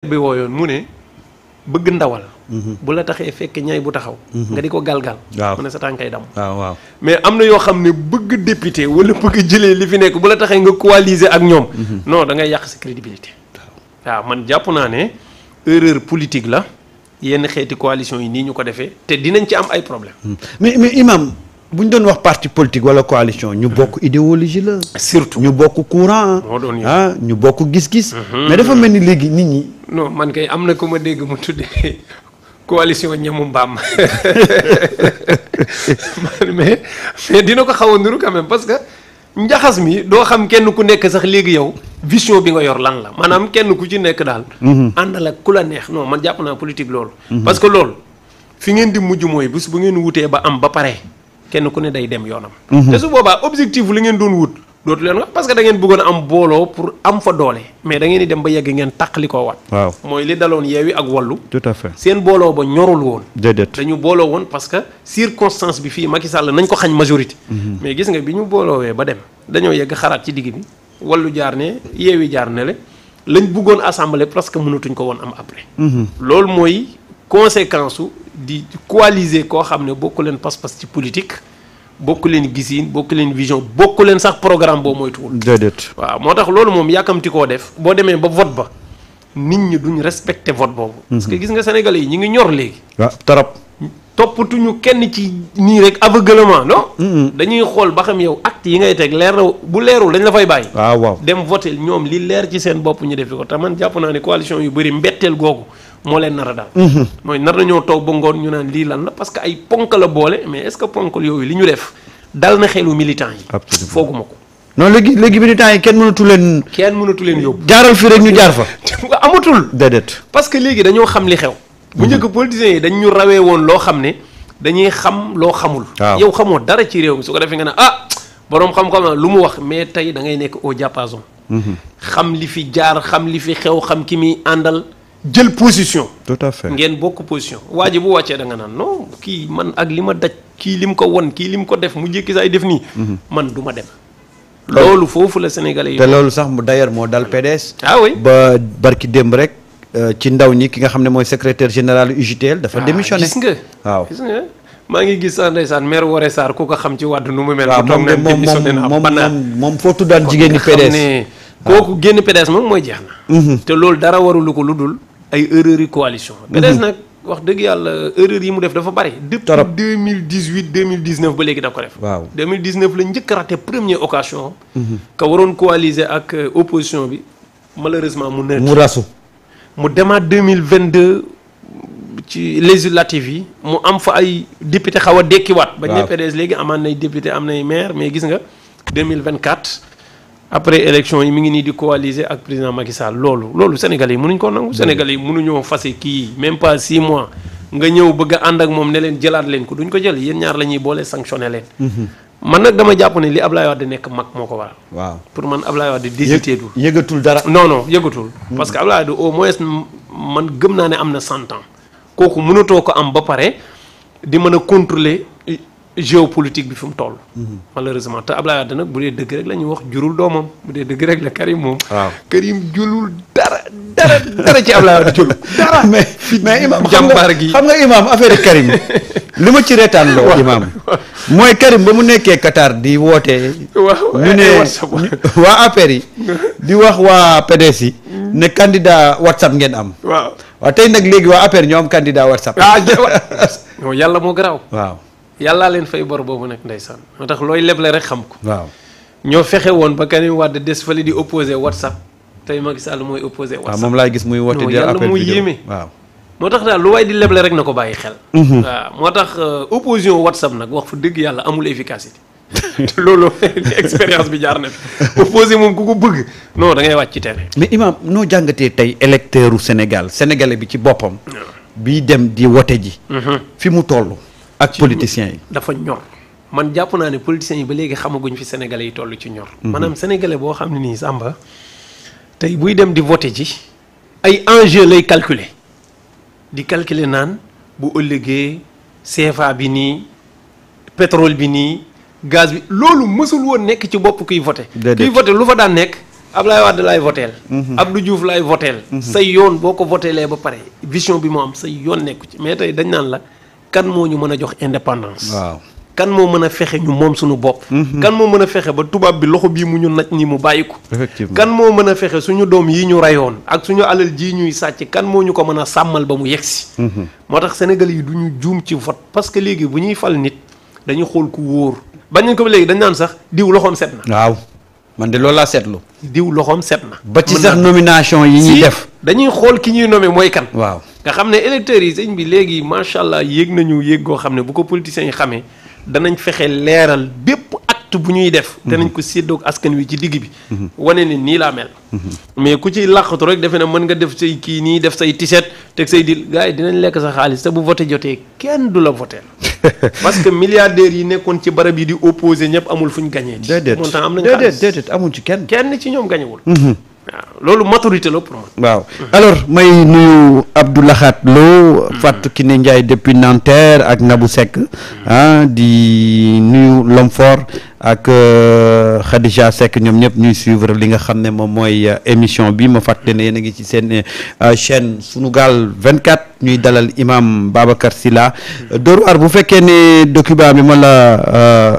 bi wooyoon mu ne bëgg ndawal mhm. bu la taxee fekk ñay bu taxaw mhm. nga di ko galgal mu ne sa tànkay dam waaw mais am na yoo xam ne bëgg député wala bëgg jëlee li fi nekk bu la taxee nga coaliser ak ñoom mhm. no dangay yàq sa crédibilité waaw man jàpp naa ne erreur politique la yenn xeeti coalition yi nii ñu ko defee te dinañ ci am ay problème hmm. mais mais imam bu ñu doon wax parti politique wala coalition ñu bokk mm-hmm. idéologie la. surtout ñu bokk courant. ah ñu bokk gis-gis. Mm-hmm. mais dafa mel ni léegi nit ñi. noo man kay am na ko ma dégg mu tuddee coalition ñamu mbaam mais mais dina ko xaw a nuru quand même parce que njaxas mi doo xam kenn ku nekk sax léegi yow vision bi nga yor lan la maanaam kenn ku ci nekk daal. Mm-hmm. àndal ak ku la neex noo man jàpp naa politique loolu. parce que loolu fi ngeen di mujj mooy bés bu ngeen wutee ba am ba pare. kenn ku ne day dem yoonam. Mhm. te su boobaa objectif li ngeen doon wut. dootu leen wax parce que da ngeen bëggoon am booloo pour am fa doole mais da ngeen di dem ba yegg ngeen tàqali ko wat waaw mooy li daloon yeewi ak wallu tout à fait seen booloo ba ñorul woon dañu booloo woon parce que circonstance bi fii Macky Sall nañ ko xañ majorité mhm. mais gis nga bi ñu booloowee ba dem dañoo yegg xaraat ci digg bi wallu jaar ne yeewi jaar ne le lañ bëggoon assemblée parce mënatuñ ko woon am après mhm. loolu mooy conséquence su di coaliser koo xam ne bokku leen pas-pas ci politique bokk leen gisiin bokku leen vision bokku leen sax programme boo moytuwul. déedéet waaw moo tax loolu moom yàkkamti koo def boo demee ba vote ba nit ñi duñ respecté vote boobu. Mhm. parce que gis nga sénégalais yi ñu ngi ñor léegi. waaw ah, trop. toppatuñu kenn ci nii rek aveuglement non. Mhm. dañuy xool ba xam yow acte yi ngay teg leer na bu leerul dañ la fay bàyyi. waaw ah, waaw dem voté ñoom li leer ci seen bopp ñu def ko te man jàpp naa ne coalition yu bëri mbetteel googu. moo leen nara a daal. Mhm. mooy nar nañoo toog ba ngoon ñu naan lii lan la parce que ay ponk la boole mais est-ce que ponk yooyu li ñu def dal na xelu militant yi. fooguma ko. non léegi léegi militants yi kenn mënatu leen. kenn mënatu leen yóbbu. jaaral fi rek ñu jaar fa. parce que léegi dañoo xam li xew. mu mhm. njëkk politiciens yi dañ ñu rawee woon loo xam ne dañuy xam loo xamul. yow xamoon dara ci réew mi su ko defee nga ne ah boroom xam-xam lu mu wax mais tey da ngay nekk au diapason. Mhm. xam li fi jaar xam li fi xew xam ki muy àndal. jël position. tout à fait ngeen bokk position waa ji bu wàccee da nga naan non kii man ak li ma daj kii lim ko won kii lim ko def mu jékki saay def nii. Mhm. man duma ma dem. loolu foofu la sénégalais yi. te loolu sax mu d'ailleurs moo dal PDS. ah ba barki démb rek euh, ci ndaw ñi ki nga xam ne mooy secretaire général UJTL dafa ah, démissionné gis nga waaw maa ngi gis sax ndeysaan maire Woré Sarr saar ko ko xam ci wàddu nu mu mel. waaw moom de moom moom moom moom foo tuddaan jigéen ñi PDS. kooku génn PDS moom mooy jeex na. Mhm. te loolu dara warulu ko lu dul. ay erreurs yu coalition. Mhm. PDS nag wax dëgg yàlla erreur yi mu def dafa bari. trop depuis deux mille dix huit deux mille dix neuf ba léegi da ko def. waaw deux mille dix neuf la njëkk a raté occasion. Mhm. ka coaliser ak euh, opposition bi malheureusement mu. nëb mu rasu. mu demaat deux mille vingt deux ci législative yi mu am fa ay député xaw a dekkiwaat. waaw bañ ne PDS léegi amaan nay député am na maire mais gis nga deux mille vingt quatre après élection yi mi ngi nii di coaliser ak président Macky Sall loolu loolu Sénégalais yi mënuñ ko nangu. Sénégalais yi mënuñoo fase kii même pas 6 mois nga ñëw bëgg a ànd ak moom ne leen jëlaat leen ko duñ ko jël yéen ñaar la ñuy boole sanctionné leen. Mhm. man nag dama jàpp ne li Ablaye Wade nekk mag moo ko waral. waaw pour man Ablaye Wade désité du. yëgatul dara. non non yëgatul. Mhm. parce que Ablaye Wade au moins man gëm naa ne am na 100 temps kooku mënatoo ko am ba pare di mën a contrôler. géopolitique bi fi mu toll. Mhm. malheureusement te Abdoulaye Wade nag bu dee dëgg rek la ñuy wax jurul doomam bu dee dëgg rek la Karim moom. waaw Karim julul dara dara dara ci Abdoulaye Wade julul. dara mais mais imaam xam nga imaam affaire Karim li ma ci reetaan loo. imaam mooy Karim ba mu nekkee Qatar di wootee ñu ne waa APR yi. di wax waa PDS yi. ne candidat WhatsApp ngeen am. waaw tey nag léegi waa APR ñoo am candidat WhatsApp. ah yàlla moo garaaw yàllaa leen fay bor boobu nag ndeysaan moo tax looy leble rek xam ko. waaw ñoo fexe woon ba Karim Wade des fële di opposé WhatsApp tey Macky Sall mooy opposé. WhatsApp moom laay gis muy woote. di appel vidéo yàlla waaw. moo tax daal lu di leble rek na ko bàyyi xel. Mhm. waaw moo tax euh, opposition WhatsApp nag wax fa dëgg yàlla amul efficacité. loolu expérience bi jaar na fi opposé moom ku ko bëgg non da ngay wàcc ci terrain. mais imam noo jàngatee tey électeur u Sénégal sénégalais bi ci boppam. bii dem di wote ji. Mhm. fi mu toll. ak politiciens yi dafa ñor man jàpp naa ne politiciens yi ba léegi xamaguñ fi sénégalais yi toll ci ñor. Mhm. maanaam sénégalais boo xam ne nii Samba tey buy dem di voté ji ay enjeu lay calculer di calculer naan bu ëllëgee CFA bi nii pétrole bi nii gaz bi loolu mësul woon nekk ci bopp kuy voté. kuy voté lu fa daan nekk. Ablaye Wade laay voteel. Mhm. Abdou Diouf laay voteel. Mhm. sa yoon boo ko voteelee ba pare vision bi moo am say yoon nekku ci mais tey dañ naan la. kan moo ñu mën a jox indépendance. waaw kan moo mën a fexe ñu moom suñu bopp. Mhm. kan moo mën a fexe ba tubaab bi loxo bii mu ñu naj nii mu bàyyi ko. effectivement kan moo mën a fexe suñu doom yi ñu rayoon ak suñu alal jii ñuy sàcc kan moo ñu ko mën a sàmmal ba mu yegg si. Mhm. moo tax Sénégal yi du ñu juum ci vote parce que léegi bu ñuy fal nit dañu xool ku wóor. bañ ko ba léegi dañ naan sax diw loxoom set na. waaw man de loolu laa seetlu. diw loxoom set na. ba ci sax nomination yi ñuy dañuy xool ki ñuy nommé mooy kan. waaw nga xam ne électeurs yi sëñ bi léegi macha allah yéeg nañu yéeg goo xam ne bu ko politiciens yi xamee danañ fexe leeral bépp acte bu ñuy def. Mhm. danañ ko séddoog askan wi ci digg bi. Mhm. wane ne nii laa mhm. mais ku ciy làqatu rek defe na mën nga def say kii nii def say tiset teg say dil gars dinañ lekk sa xaalis te bu voté jotee kenn du la voté. parce que milliardaires yi nekkoon ci barab yi di opposé ñëpp amul fu ñu gañee. déedéet montant am nañu xaalis déedéet déedéet amul ci kenn. kenn ci ñoom gañewul loolu maturité la pour moi. waaw alors may nuyu Abdou Lahat Lo. Fatou Kiné Ndiaye depuis Nanterre ak Nabou sekk ah di nuyu l'homme fort ak euh, Khadija Seck ñoom ñëpp ñuy suivre li nga xam ne moom mooy euh, émission bi ma fàtte ne yéen a ngi ci seen suñu euh, chaîne vingt 24 ñuy dalal imaam Babacar Sylla. Dóor waar bu fekkee ne document bi ma la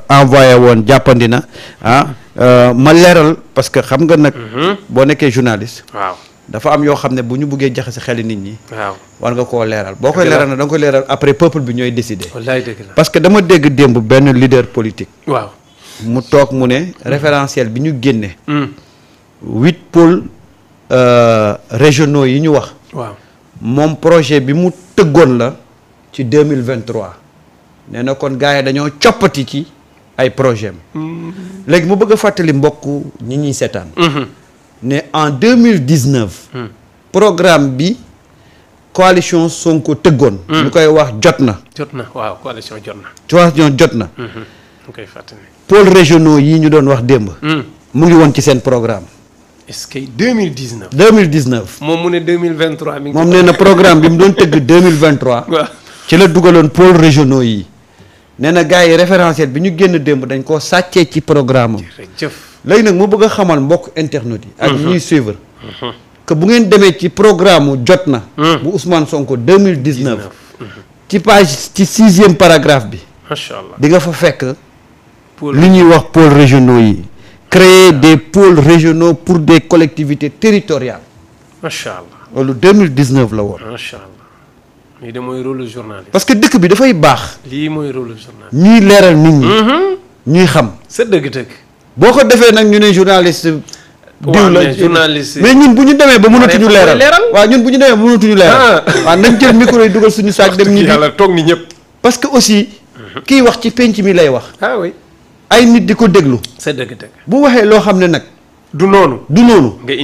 envoyé woon jàppandi na ah. Euh, ma leeral parce que xam nga nag. Mhm. boo nekkee journaliste. waaw dafa am yoo xam ne bu ñu buggee jaxase xeli nit ñi. waaw war nga koo leeral. boo koy leeral nag da nga koy leeral après peuple bi ñooy décider. wallaay dëgg la parce que dama dégg démb benn leader politique. waaw mu toog mu ne mhm. référentiel bi ñu génne. Mhm. huit pôles euh, régionaux yi ñu wax. waaw moom projet bi mu tëggoon la ci deux mille vingt nee na kon gars yi dañoo coppati ci. ay projet léegi mu bëgg fàttali mbokk ñi ñuy seetaan. Mhm. ne en deux mille dix neuf. Mhm. programme bi coalition Sonko tëggoon. Mhm. ñu koy wax jot na. jot na waaw coalition jot na. coalition jot na. ñu koy fàttali. pôles régionaux yi ñu doon wax démb. mu ngi woon ci seen programme. est-ce que 2019. 2019 moom mu ne 2023. mi moom nee programme bi mu doon tëgg 2023. waaw ci la dugaloon pôles régionaux yi. nee na gars yi référentiel bi ñu génn démb dañ koo sàccee ci programme am. jërëjëf léegi nag mu bëgg a xamal mbokk internet yi. ak mhm. ñuy suivre. Mhm. que bu ngeen demee ci programme mu jot na. Mhm. bu Ousmane Sonko mille dix neuf. ci page ci sixième paragraphe bi. macha di nga fa fekk. li ñuy wax pôles régionaux yi. crée des pôles régionaux pour de collectivités territoriales. macha allah loolu deux mille dix neuf la woon. macha allah. lii mooy rôle journaliste. parce que dëkk bi dafay baax. lii mooy rôle journaliste. ñuy leeral nit ñi. Mhm. ñuy xam. sa dëgg-dëgg. boo ko defee nag ñu ne journaliste. diw la journaliste mais ñun bu ñu demee ba mënatuñu leeral waa ñun bu ñu demee ba mënatuñu leeral. Ah. waaw nañ jël micro yi dugal suñu saak dem ñu. yàlla toog ni ñëpp. parce que aussi. Mhm. kiy wax ci penc mi lay wax. ah ay nit di ko déglu. sa dëgg-dëgg. bu waxee loo xam ne nag. du noonu du noonu.